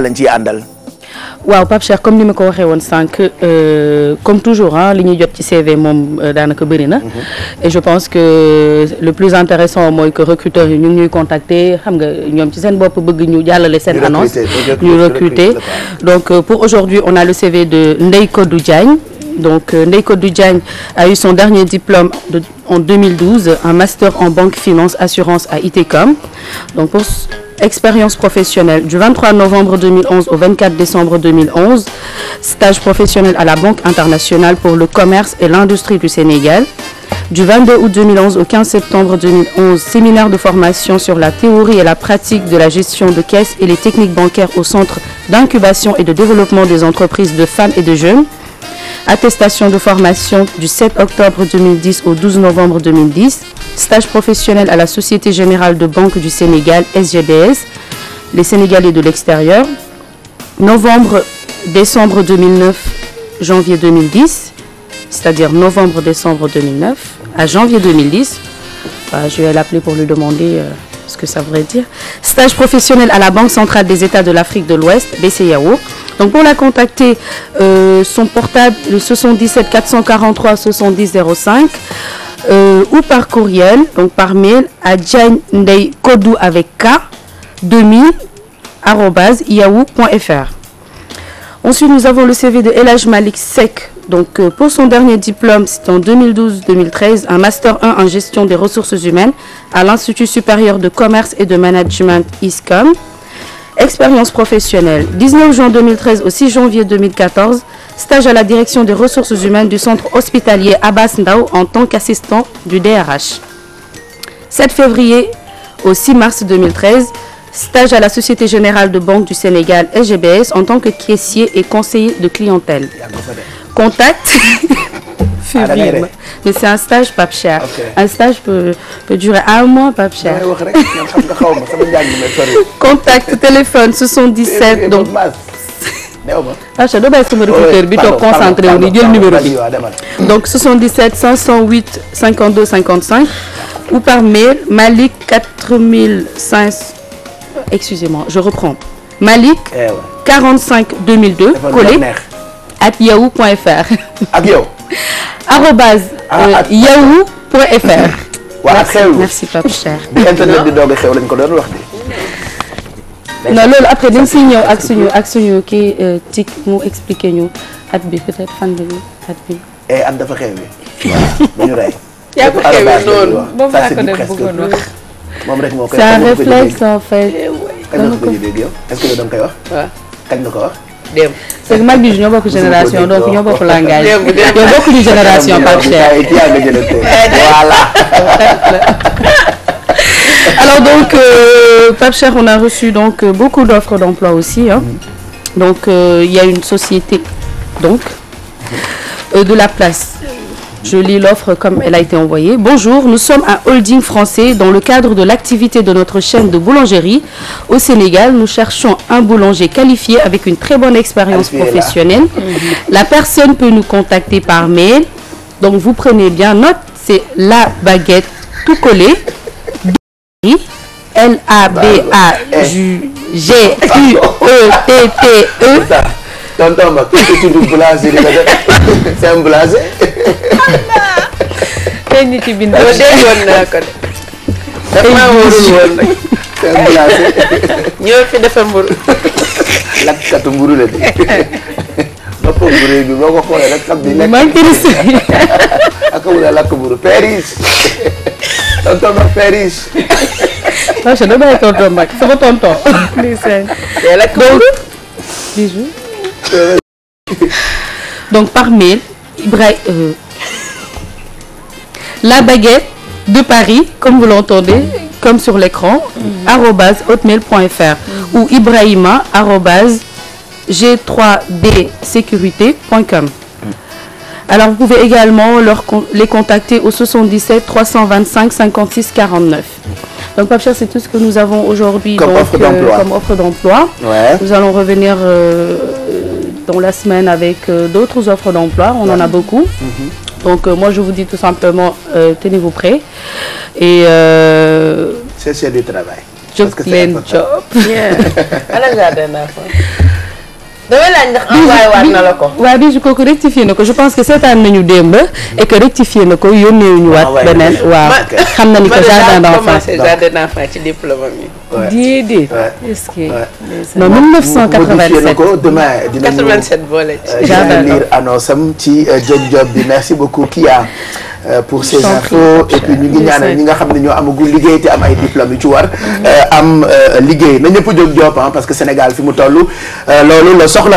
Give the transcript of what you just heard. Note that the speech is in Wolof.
média lañ comme ni ma ko waxee woon sànq euh, comme toujours ah li ñuy jot ci CV moom euh, daanaka bëri na. Mhm. et je pense que le plus intéressant mooy que recruteurs yi ñu ngi ñuy contacter xam nga ñoom seen bopp bëgg ñu jàllale seen annonce. ñu recruter donc euh, pour aujourd'hui on a le CV de Ndeye Kodou Diagne. donc Ndeye Kodou Diagne a eu son dernier diplôme de en 2012 un master en banque finance assurance à ITCOM donc pour. expérience professionnelle du 23 novembre 2011 au 24 décembre 2011, stage professionnel à la Banque internationale pour le commerce et l'industrie du de formation sur la théorie et la pratique de la des entreprises de femmes et de jeunes. Attestation du 7 octobre 2010 au 12 stage professionnel à Société Générale de Banque du Sénégal, SGBS, les Sénégalais de l'extérieur, novembre, décembre 2009, janvier 2010, c'est-à-dire novembre-décembre 2009 à janvier 2010. Bah, je vais l'appeler pour lui demander euh, que ça voudrait dire. Stage professionnel la Banque centrale des États de l'Afrique de l'Ouest, BCEAO. Donc pour la contacter, euh, son portable le 77 443 70 euh, ou par courriel, donc par mail à Kodou avec K 2000 yahoo.fr. Ensuite, nous avons le CV de Elage Malik Sek. Donc, euh, pour son dernier diplôme, c'est en 2012-2013, un Master 1 en gestion des ressources humaines à l'Institut de commerce et de management ISCOM. expérience professionnelle 19 juin 2013 au 6 janvier 2014 stage à la direction des ressources humaines du centre hospitalier en tant qu'assistant du DRH 7 février au 6 mars 2013 Stage à la de Banque du Sénégal, SGBS, en tant que caissier et de clientèle. Contact. Furieux. Mais c'est un stage pas cher. mois pas cher. Contact téléphone 77 donc acha doo bàyyi sama oh, recruteur bi toog concentré wu ni jël numéro bi donc 77 508 52 55 ou par mail malik 4500 excusez-moi je reprends Malick. 45 2002. collègue at yahoo point fr. ak yow. arobase. Ah, euh, yahoo point fr. waa xew merci Pape Cheikh. bi internet bi doog a xew lañ ko doon wax de. non loolu après dañ siy ñëw ak suñu ak suñu kii euh, tic mu expliqué ñu at bi peut-être fan la at bi. Eh, at dafa xew bi. waaw dañu rey. yaa ko xewee noonu boobu laa ko doon bëggoon wax. moom rek moo c'est un réflexe en fait. dama que da nga koy wax. waaw kañ nga ko wax. démb parce que génération donc ñoo bokk langage. démb génération Pape Cheikh. Eh, alors donc euh, Pape on a reçu euh, beaucoup d'offres d'emploi aussi mm-hmm. donc euh, il y a une société donc mm-hmm. euh, de la place. Je lis l'offre comme elle a été envoyée. Bonjour, nous sommes un holding français dans le cadre de l'activité de notre chaîne de boulangerie. Au Sénégal, nous cherchons un boulanger qualifié avec une très bonne expérience professionnelle. La personne peut nous contacter par mail. Donc vous prenez bien note, c'est la baguette tout collé. l a b a g tonton Mag ku tudd Blasé di ko def c'est un Blasé. tey ñu ci bind. loolu déggoon ko de. dafa maa wóorul woon nag. c'est un Blasé. ñoo fi defe mburu. lakkatu mburu la de. boppam mburu bi boo ko xoolee rek xam ni lekk. man Paris. ak wala lakk mburu Paris. tonton Mag Paris. macha allah damay tonton Mag sama tonton. ndeysaan. tey lakk mburu. bisous. donc par mail Ibrahima euh, la baguette de Paris comme vous l'entendez comme sur l'écran mm. arobase hotmail.fr ou Ibrahima arobase g3bsécurité.com mm. alors vous pouvez également leur les contacter au 77 325 56 49 donc Pape c'est tout ce que nous avons aujourd'hui comme, offre d'emploi euh, nous allons revenir euh, dans la semaine avec euh, d'autres offres d'emploi. On en a beaucoup. Mhm. Donc euh, moi, je vous dis tout simplement, euh, tenez-vous prêts. Et... Cherchez du travail. Job, Parce que plein job. Yeah. damay laaj ndax envoyé waat na la ko. waaw Bijou kooku rectifié na ko je pense que seetaan nañu démb. et que rectifié na ko yónnee wu ñu waat beneen. waaw xam na ni que jardin d'enfance. donc jardin d'enfance ci diplôme am yi. déedéet. est-ce que. non 1987 ko demain dinañu 87 boole ci. Euh, jardin d'enfance dinañu lire annonce am ci Job euh, Job bi merci beaucoup Kia. Euh, pour ces infos et puis ñu ngi ñaanal ñi nga xam ne ñoo amagul liggéey te am ay diplômes yu ci war mm-hmm. euh, am euh, liggéey na ñëpp jóg jopp parce que Sénégal fi mu toll loolu la soxla